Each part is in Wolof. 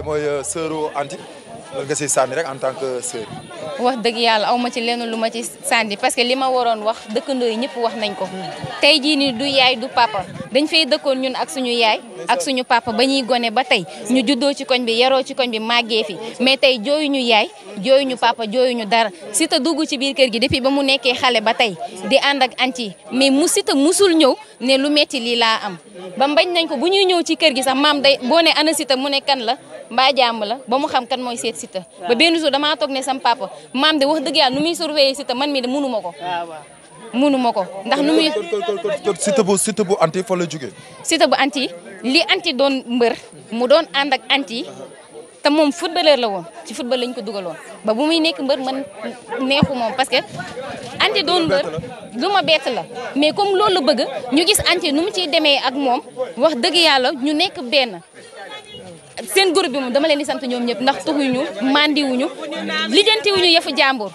te mooy euh, sœuru Anti loolu nga sànni rek en tant que sœur. wax dëgg yàlla aw ma ci lenn lu ma ci sànni parce que li ma waroon wax dëkkandoo yi ñëpp wax nañ ko. tey jii nii du yaay du papa dañ fay dëkkoon ñun ak suñu yaay. ak suñu papa ba ñuy gone ba tey ñu juddoo ci koñ bi yaroo ci koñ bi màggee fi mais tey jooyuñu yaay jooyu ñu jooyuñu jooyu ñu dara Siteu dugg ci biir kër gi depuis ba mu nekkee xale ba tey di ànd ak Anti mais mu Siteu musul ñëw ne lu metti lii laa am. ba mbañ nañ ko bu ñuy ñëw ci kër gi sax maam day boo ne ana Siteu mu ne kan la mbaa jàmm la ba mu xam kan mooy seet Siteu ba benn jour damaa toog ne sam papa maam de wax dëgg yàlla nu muy surveiller Siteu man mii de mënu ma ko mënu ko ndax nu muy Siteu bu Siteu bu anti fa la jógee sita bu anti li anti doon mbër mu doon ànd ak anti te moom footballeur la woon ci football lañ ko dugaloon ba bu muy nekk mbër man neexu moom parce que anti doon mbër lu ma bett la mais comme loolu la bëgg ñu gis anti nu mu ciy demee ak moom wax dëgg yàlla ñu nekk benn seen groupe bi moom dama leen di sant ñoom ñëpp ndax tuxuñu mandiwuñu lijjantiwuñu yëfu jàmbur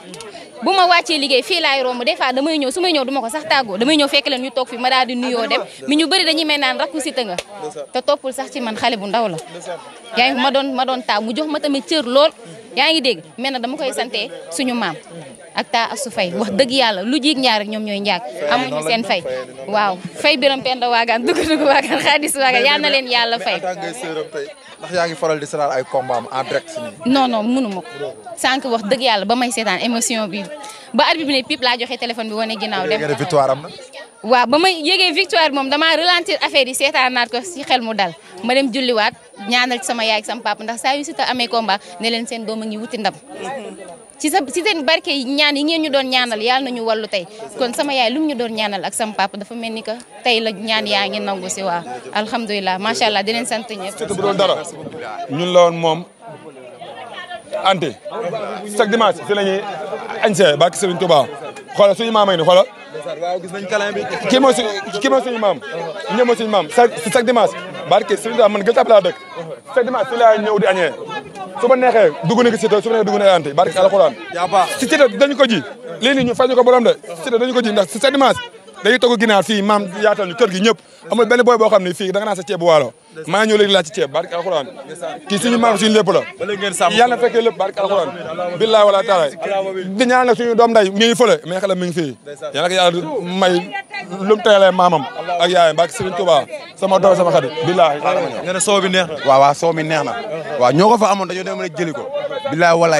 bu ma wàccee liggéey fii laay romb des fois damay ñëw su may ñëw duma ko sax tàggoo damay ñëw fekk leen ñu toog fi ma daal di nuyoo ah, dem mi ñu bëri dañuy mel naan rakku Siteu nga te toppul sax ci man xale bu ndaw la yaa ma doon ma doon taaw mu jox ma tamit cër lool yaa ngi dégg mel na dama koy sante suñu maam ak taa asu fay wax dëgg yàlla lu jiig ñaar ak ñoom ñooy njaag amuñu seen fay waaw fay biram penda waagaan dugg dugg waagaan xaadis waagaan yal na leen yàlla fay ndax yaa ngi faral di seetaan ay combat am en direct ko sànq wax dëgg yàlla ba may seetaan émotion bi ba arbitre bi ne pip laa joxe téléphone bi wane ginnaaw dem victoire am na waaw ba may yégee victoire moom damaa ralentir affaire yi seetaan naat ko si xel mu dal ma dem julliwaat ñaanal ci sama yaay ak sama papa ndax saa yu si amee combat ne leen seen doom a ngi wuti ndam mm-hmm. ci sa ci seen barke ñaan yi ngeen ñu doon ñaanal yàlla nañu wàllu tey kon sama yaay lu mu ñu doon ñaanal ak sama papa dafa mel ni que tey la ñaan yaa ngi nangu si waa alhamdulilah macha allah di leen sant ñëpp. surtout bu doon dara ñun la woon moom ante chaque dimanche fi la ñuy añsee barke Serigne Touba xoolal suñu maam yi nii xoolal kii mooy suñu kii mooy suñu maam ñoom mooy suñu maam chaque chaque dimanche barke laa dëkk chaque dimanche fi laa ñëw di añee. su ma neexee dugg na ci Siteu su ma neexee dugg na Anta barke alxuraan. yaa baax Siteu dañu ko ko borom de. Siteu dañu ko ji ndax dañuy togg ginaar fii maam yaatal ñu kër gi ñëpp amul benn booy boo xam fii da nga naan sa ceeb waalo maa ngi ñëw léegi barke alxuraan kii maam suñu lépp la yàlla na fekkee lépp barke alxuraan billaahi wala taala di ñaan nag doom nday mi ngi fële mais xelam fii yàlla ko yàlla may lu mu tegalee ak yaayam barke Sëriñ Tuubaa sama doom sama xarit billaahi nga ne soo na waaw waaw uh-huh. ko fa amoon dañoo dem rek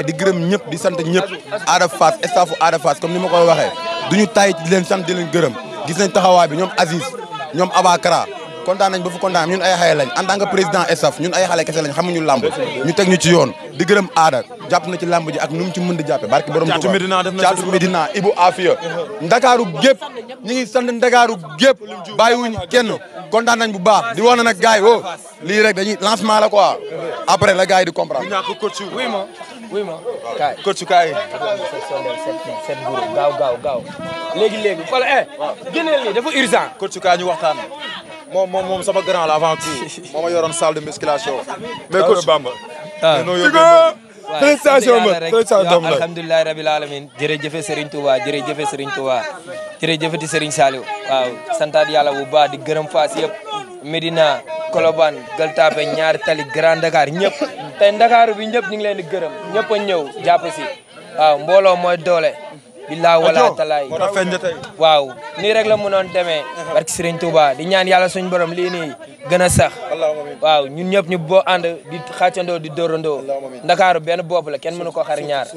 di gërëm ñëpp di sant ñëpp Ada Fass staffu Ada Fass comme ni ma koy waxee duñu tay di leen sant di leen gërëm gis nañ taxawaay bi ñoom Aziz ñoom Abakara kontaan nañ ba fu kontaan ñun ay xale lañ en tant que président staff ñun ay xale kese lañ xamuñu làmb ñu teg ñu ci yoon di gërëm aada jàpp na ci làmb ji ak nu mu ci mën di jàppe barki borom Tuuba caatu Medina Ibu Afia ndakaaru gépp ñi ngi sant ndakaaru gépp bàyyiwuñ kenn kontaan nañ bu baax di wax na nag gars yi oh, lii rek dañuy lancement la quoi après la gars yi di comprendre wuy ma kaay coach kaay set buur gaaw gaaw gaaw léegi léegi wala eh génneel nii dafa urgent coach kaay ñu waxtaan moom moom moom sama grand la avant tout moo ma yoroon salle de musculation mais coach Bamba ah. félicitation ma félicitation ma alhamdulilah rabil alamin jërëjëf Serigne Touba jërëjëf Serigne Touba jërëjëfati Serigne Saliou waaw santaat yàlla bu baax di gërëm Fass yëpp Medina Colobane Gueule Tapée ñaari tali Grand Dakar ñëpp tay ndakaaru bi ñep ñing leen di gërëm ñep ñew japp ci waaw mbolo moy doole billahi wala talay waaw ni rek la mënon démé uh-huh. barki Serigne Touba di ñaan yalla suñu borom li ni gëna sax waaw ñun ñep ñu bo and di xatiando di dóorandoo ndakaaru ben bop la kenn mënu ko xari ñaar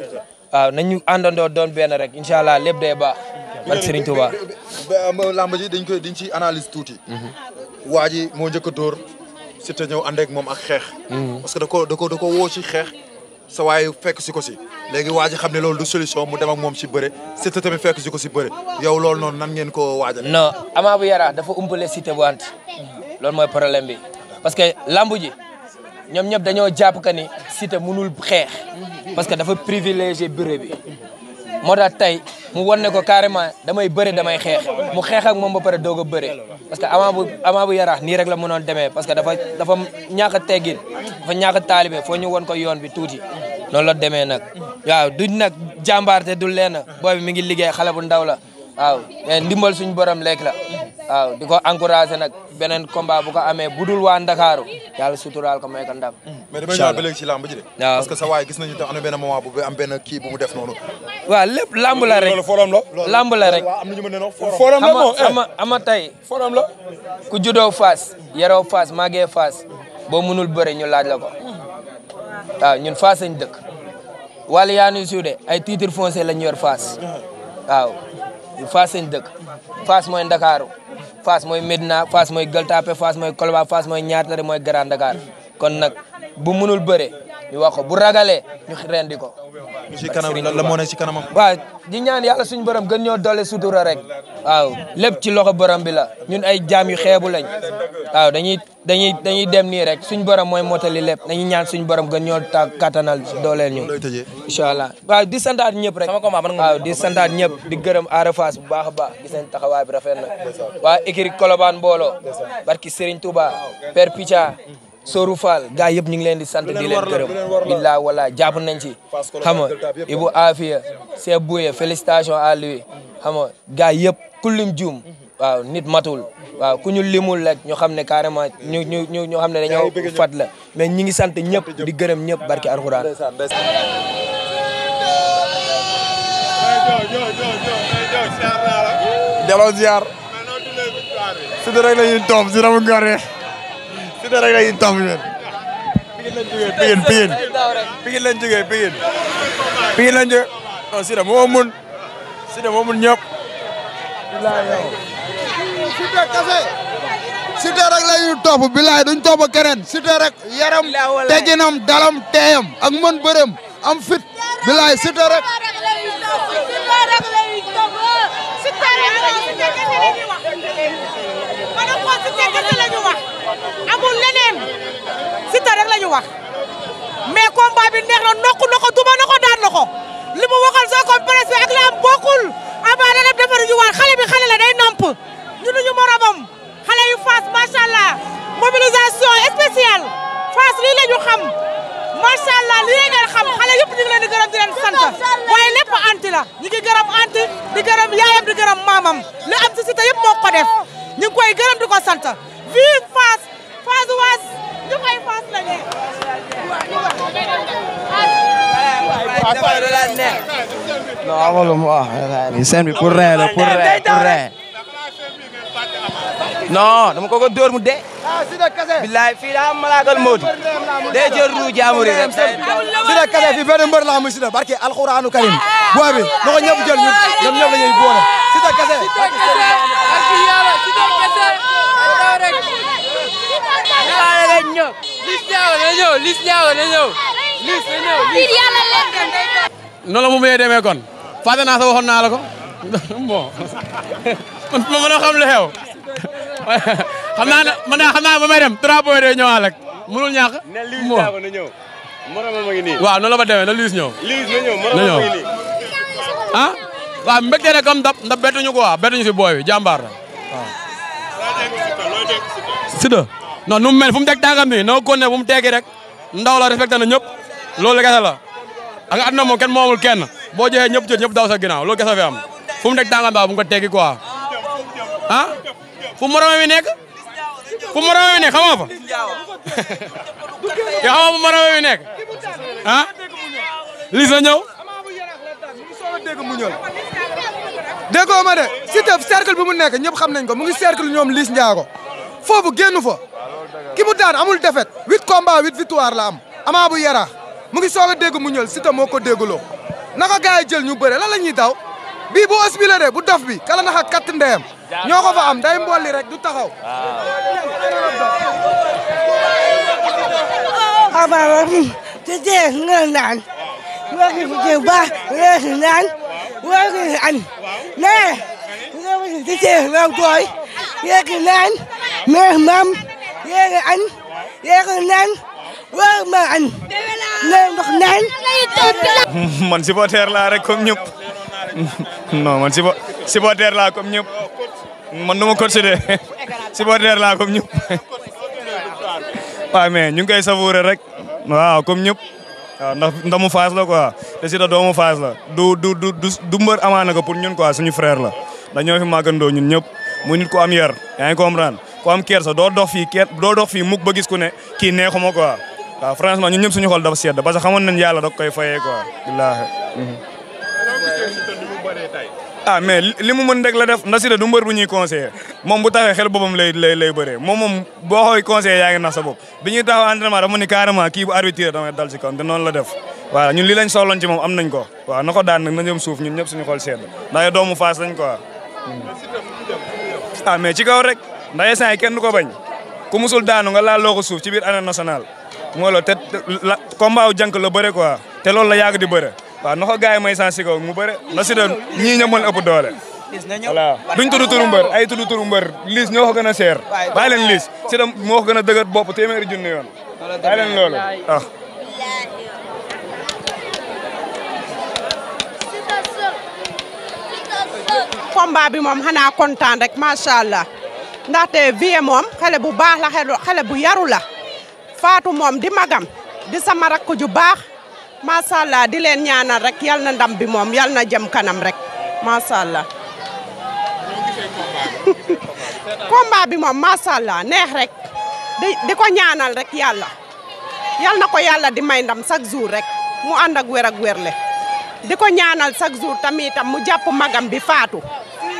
waaw nañu andando doon ben rek inshallah allah day baax barki Serigne Touba lamb ji dañ ko dañ ci analyse touti mhm. waaji mo jëk door cest un homme ak moom ak parce que da ko aussi ko faire ci xeex sa fekk si solution mu dem ak c'est tamit fekk ko si yow loolu fait nan ngeen ko non Ama bu Yara dafa umpale fait. C'est loolu problème parce que lamb ji ñoom ñëpp dañoo que ni Siteu mënul parce que dafa privilégié le moo tax tey mu wan ko carrément damay bëre damay xeex mu xeex ak moom ba pare doog a bëre parce que avant bu avant bu yaraax nii rek la mënoon demee parce que dafa dafa ñàkk a teggin dafa ñàkk a taalibe foo ñu won ko yoon bi tuuti noonu loo demee nag waaw duñ nag jàmbaarte du leen booy bi mi ngi liggéey xale bu ndaw la waaw ndimbal suñu borom lekk la waaw di ko encouragé nag beneen combat bu ko amee budul waa Ndakaaru yàlla suturaal ko may ko ndam. Mm. mais damay ñëwaat ba léegi ci làmb ji de. waaw parce que sa waay gis nañu te la rek loolu forom la. làmb la rek ñu mën a forom la moom eh. ama ama tey. forom la. ku juddoo Fass yaroo Fass màggee Fass boo mënul bëre ñu laaj la ko waaw ñun Fass lañ dëkk. wal yaa ngi suude ay titre foncier lañ yor Fass waaw Fass lañ dëkk Fass Ndakaaru. Fass mooy Médina Fass mooy Gueule Tapée mooy Colobane Fass mooy Niattari mooy Grand Dakar kon nag bu mënul bëre ñu wax ko bu ragalee ñu rendi ko. ci kanam lan la moo nekk ci kanamam. waaw di ñaan yàlla suñu borom gën ñoo doole sutura rek. waaw lépp ci loxo borom bi la ñun ay jaam yu xeebu lañ. waaw dañuy dañuy dañuy dem nii rek suñu borom mooy mottali lépp dañuy ñaan suñu borom gën ñoo ta kattanal dooleel ñu. incha allah waaw di santaat ñëpp rek. waaw di santaat ñëpp di gërëm Arafas bu baax a baax gis nañ taxawaay bi rafet na. waa Ikiri Kolobaan mbooloo barki Serigne Touba Sourou Fall gars yëpp ñu ngi leen di sant di leen gërëm wala jàpp nañ ci xam nga Ibu Afia Cheikh Bouye félicitation à lui xam nga gars yëpp kullim nit matul ku ñu limul rek ñu xam ne carrément ñu ñu ñu ñu xam ne dañoo fat la mais ñi ngi sant ñëpp di gërëm ñëpp barki alxuraan delloo ziar si rek lañuy toog si ramu gore si dara rek lañ tax ñu leen. Pikine Pikine Pikine lañ jógee Pikine Pikine lañ la ñuy topp bilaay duñ topp keneen Sida rek yaram teginam dalam teeyam ak mën bërëm am fit bilaay Sida rek. wax mais combat bi neex na nokku na ko duma daan na ko mu waxal soo ko presse bi ak la am bokkul abaa da dem defaruñu waat xale bi xale la day namp ñu nuñu moromam xale yu Fass macha allah mobilisation spéciale Fass lii la ñu xam macha allah lii xam xale yëpp ñu leen gërëm di leen sant waaye lépp anti ñu ngi gërëm anti di gërëm yaayam di gërëm maamam li am si si te ko def ñu ngi gërëm di ko sant vive Fass Fass waas ñu koy faas la ne. non amalu mu wax seen bi pour rien la pour rien pour rien. non dama ko ko dóor mu dee. bilaay fii daa am malaagal Moodu. day jël ruu jaamu rek. Sida Kase fii benn mbër la am Sida barke alxuraanu karim. boo bi na ko ñëpp jël ñun ñoom ñëpp la ñuy boole Sida Kase. Sida Kase. Mbay ñëw Liss Ndiago na ñëw Liss Ndiago na ñëw Liss na ñëw Liss yàlla lekk noonu la mu mënee demee kon fàtte naa sa waxoon naa la ko bon man ma mën a xam lu xew xam naa ne man xam naa ba may dem trois points day ñëwaat rek mënul ñàkk ne Liss Ndiago na ñëw moromam a ngi nii waaw noonu la ba demee na Liss ñëw Liss na ñëw moromam a ngi nii ah waaw mbégte rek comme ndab ndab bettuñu quoi bettuñu si booy bi jàmbaar la waaw Siteu non nu mu mel fu mu teg tànkam bi noo kon ne bu mu teggee rek ndaw la respecté na ñëpp loolu kese la a nga àdduna moom kenn moomul kenn boo joxee ñëpp jot ñëpp daw sa ginnaaw loolu kese fi am fu mu teg tànkam daal bu mu ko teggi quoi ah fu morom mi nekk fu morom mi nekk xamoo fa yow xamoo fu morom mi nekk ah lis na ñëw déggoo ma de si cercle bi mu nekk ñëpp xam nañ ko mu ngi cercle ñoom Liss Ndiago foofu génnu fa ki mu daan amul défaite huit combats huit victoire la am Ama bu Yaraax mu ngi soog a mu ñël sita moo ko déggloo naka gars yi jël ñu bëre lan la ñuy daw bii bu os bi la de bu dof bi kala naxa katt ndeyam ñoo ko fa am day mbolli rek du taxaw aba ah, te tee nga naan wagi te ba leesi naan wagi an nee te tee nga tooy yeeki naan mais mam Yeah yeah anh, Jij een an, jij een nan, waar maar an. Nee, nog nan. Man supporter laa rek comme ñëpp. Non, man supporter laa comme ñëpp. Man duma considéré supporter laa comme ñëpp. waaw mais ñu ngi koy savourer rek waaw wow, ñëpp waaw ndax ndamu Fass la quoi te si da doomu Fass la du du du du mbër amaana ko pour ñun quoi suñu frère la dañoo fi màggandoo ñun ñëpp mu nit ko am anh yaa ngi comprendre ku am kersa doo dox ñëpp suñu xol dafa sedd parce que xamoon nañ yàlla da koy fayee quoi ah, li mu mën rek la def nda si du mbër bu ñuy conseillé moom bu taxee xel boppam lay lay lay bëree moom moom boo xooy conseillé yaa ngi nax sa bopp bi ñuy taxaw entraînement dafa ni carrément kii bu arbitre damay dal si kawam te noonu la def waaw ñun li ci moom am ko waaw na ko daan nag na jëm suuf ñun ñëpp suñu xol sedd ndax doomu faas lañ quoi ah, ci kaw ndaye instant yi kenn du bañ ku musul daanu nga laaloo loko suuf ci biir arène nationale mo lo te combat wu jank la beure quoi te loolu la yag di beure wa na ko may sans sigo mu beure na ci doon ñi ñe mon ëpp doole duñ tudd turu mbër ay tudd turu mbër liis ñoo ko gën a leen liis si dem moo ko gën a dëgër bopp yoon bàyyi leen loolu ah combat bi moom rek allah ndaxte vie moom xale bu baax la xale bu yaru la faatu moom di magam di sama rakk ju baax macha allah di leen ñaanal rek yal na ndam bi moom yal na jëm kanam rek macha allah. combat bi moom macha allah neex rek di di ko ñaanal rek yàlla yal na ko yàlla di may ndam chaque jour rek mu ànd ak wér ak le di ko ñaanal chaque jour tamit itam mu jàpp magam bi faatu.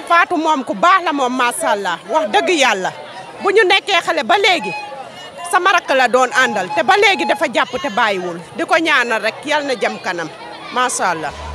Fatou moom ku baax la moom macha allah wax dëgg yàlla bu ñu nekkee xale ba léegi sama rakk la doon àndal te ba léegi dafa jàpp te bàyyiwul di ko ñaanal rek yàlla na jëm kanam macha allah.